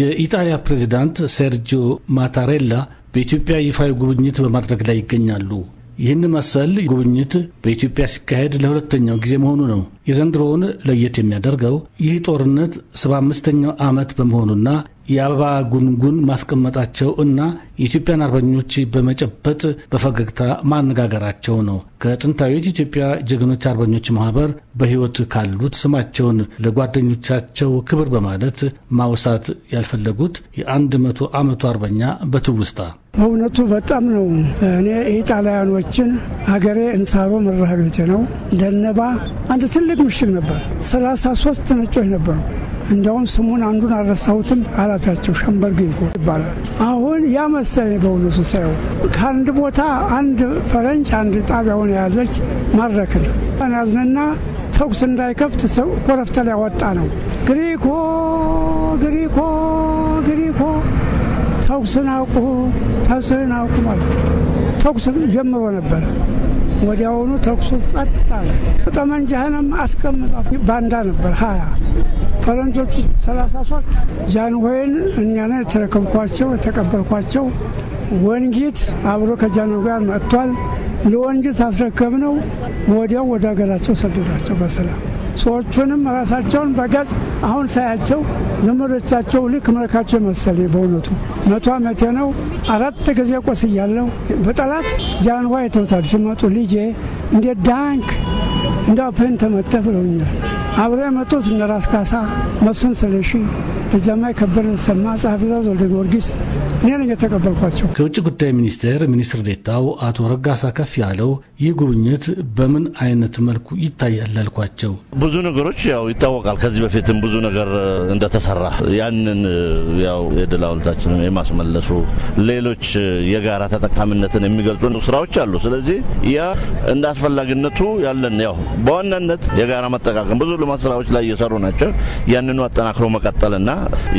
የኢጣሊያ ፕሬዚዳንት ሴርጂዮ ማታሬላ በኢትዮጵያ ይፋዊ ጉብኝት በማድረግ ላይ ይገኛሉ። ይህን መሰል ጉብኝት በኢትዮጵያ ሲካሄድ ለሁለተኛው ጊዜ መሆኑ ነው። የዘንድሮውን ለየት የሚያደርገው ይህ ጦርነት ሰባ አምስተኛው ዓመት በመሆኑና የአበባ ጉንጉን ማስቀመጣቸው እና የኢትዮጵያን አርበኞች በመጨበጥ በፈገግታ ማነጋገራቸው ነው። ከጥንታዊት ኢትዮጵያ ጀግኖች አርበኞች ማህበር በሕይወት ካሉት ስማቸውን ለጓደኞቻቸው ክብር በማለት ማውሳት ያልፈለጉት የአንድ መቶ ዓመቱ አርበኛ በትውስታ በእውነቱ በጣም ነው። እኔ ኢጣሊያኖችን አገሬ እንሳሮ መራቤቴ ነው ደነባ አንድ ትልቅ ምሽግ ነበር። ሰላሳ ሶስት ነጮች ነበሩ እንደውም ስሙን አንዱን አልረሳሁትም። ኃላፊያቸው ሸምበል ይባላል። አሁን ያ መሰለኝ በእውነቱ ሳየው ከአንድ ቦታ አንድ ፈረንጅ አንድ ጣቢያውን የያዘች ማድረክን ያዝንና ተኩስ እንዳይከፍት ኮረብታ ላይ ወጣ ነው ግሪኮ ግሪኮ ግሪኮ ተኩስን አውቁ ተኩስን አውቁ ማለት ተኩስ ጀምሮ ነበር። ወዲያውኑ ተኩሱ ጸጥ አለ። ጠመንጃህንም አስቀምጣ ባንዳ ነበር ሀያ ፈረንጆቹ 33 ጃንሆይን እኛ ነ የተረከምኳቸው የተቀበልኳቸው። ወንጊት አብሮ ከጃኖ ጋር መጥቷል። ለወንጊት አስረከብ ነው። ወዲያው ወደ ሀገራቸው ሰደዷቸው በሰላም ሰዎቹንም ራሳቸውን በገጽ አሁን ሳያቸው ዘመዶቻቸው ልክ መልካቸው መሰለኝ። በእውነቱ መቶ ዓመቴ ነው። አራት ጊዜ ቆስያለሁ። በጠላት ጃንዋ ተውታል። ሲመጡ ልጄ እንዴት ዳንክ እንዳፍህን ተመተህ ብለውኛል። አብረው የመጡት እነ ራስ ካሳ፣ መስፍን ስለሺ፣ በጃማይ ከበደ ተሰማ፣ ጸሐፊ ትእዛዝ ወልደ ጊዮርጊስ እኔ ነኝ የተቀበልኳቸው። ከውጭ ጉዳይ ሚኒስቴር ሚኒስትር ዴታው አቶ ረጋሳ ከፍ ያለው ይህ ጉብኝት በምን አይነት መልኩ ይታያል አልኳቸው። ብዙ ነገሮች ያው ይታወቃል። ከዚህ በፊትም ብዙ ነገር እንደተሰራ ያንን ያው የድል ሐውልታችንን የማስመለሱ ሌሎች የጋራ ተጠቃሚነትን የሚገልጹ ስራዎች አሉ። ስለዚህ ያ እንደ አስፈላጊነቱ ያለን ያው በዋናነት የጋራ መጠቃቀም ብዙ የዲፕሎማት ስራዎች ላይ እየሰሩ ናቸው። ያንኑ አጠናክሮ መቀጠልና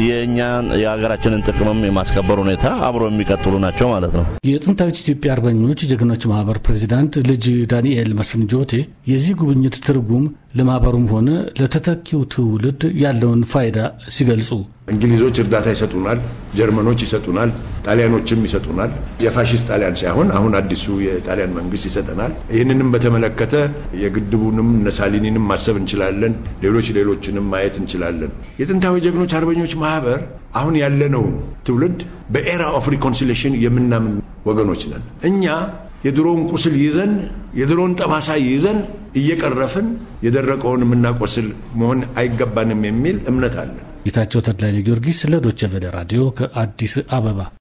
የእኛን የሀገራችንን ጥቅምም የማስከበር ሁኔታ አብሮ የሚቀጥሉ ናቸው ማለት ነው። የጥንታዊት ኢትዮጵያ አርበኞች ጀግኖች ማህበር ፕሬዚዳንት ልጅ ዳንኤል መስፍን ጆቴ የዚህ ጉብኝት ትርጉም ለማህበሩም ሆነ ለተተኪው ትውልድ ያለውን ፋይዳ ሲገልጹ እንግሊዞች እርዳታ ይሰጡናል፣ ጀርመኖች ይሰጡናል፣ ጣሊያኖችም ይሰጡናል። የፋሽስት ጣሊያን ሳይሆን አሁን አዲሱ የጣሊያን መንግስት ይሰጠናል። ይህንንም በተመለከተ የግድቡንም ነሳሊኒንም ማሰብ እንችላለን። ሌሎች ሌሎችንም ማየት እንችላለን። የጥንታዊ ጀግኖች አርበኞች ማህበር አሁን ያለነው ትውልድ በኤራ ኦፍ ሪኮንሲሌሽን የምናምን ወገኖች ነን እኛ የድሮውን ቁስል ይዘን የድሮውን ጠባሳ ይዘን እየቀረፍን የደረቀውን የምናቆስል መሆን አይገባንም የሚል እምነት አለን። ጌታቸው ተድላይ ጊዮርጊስ ለዶቸ ራዲዮ ከአዲስ አበባ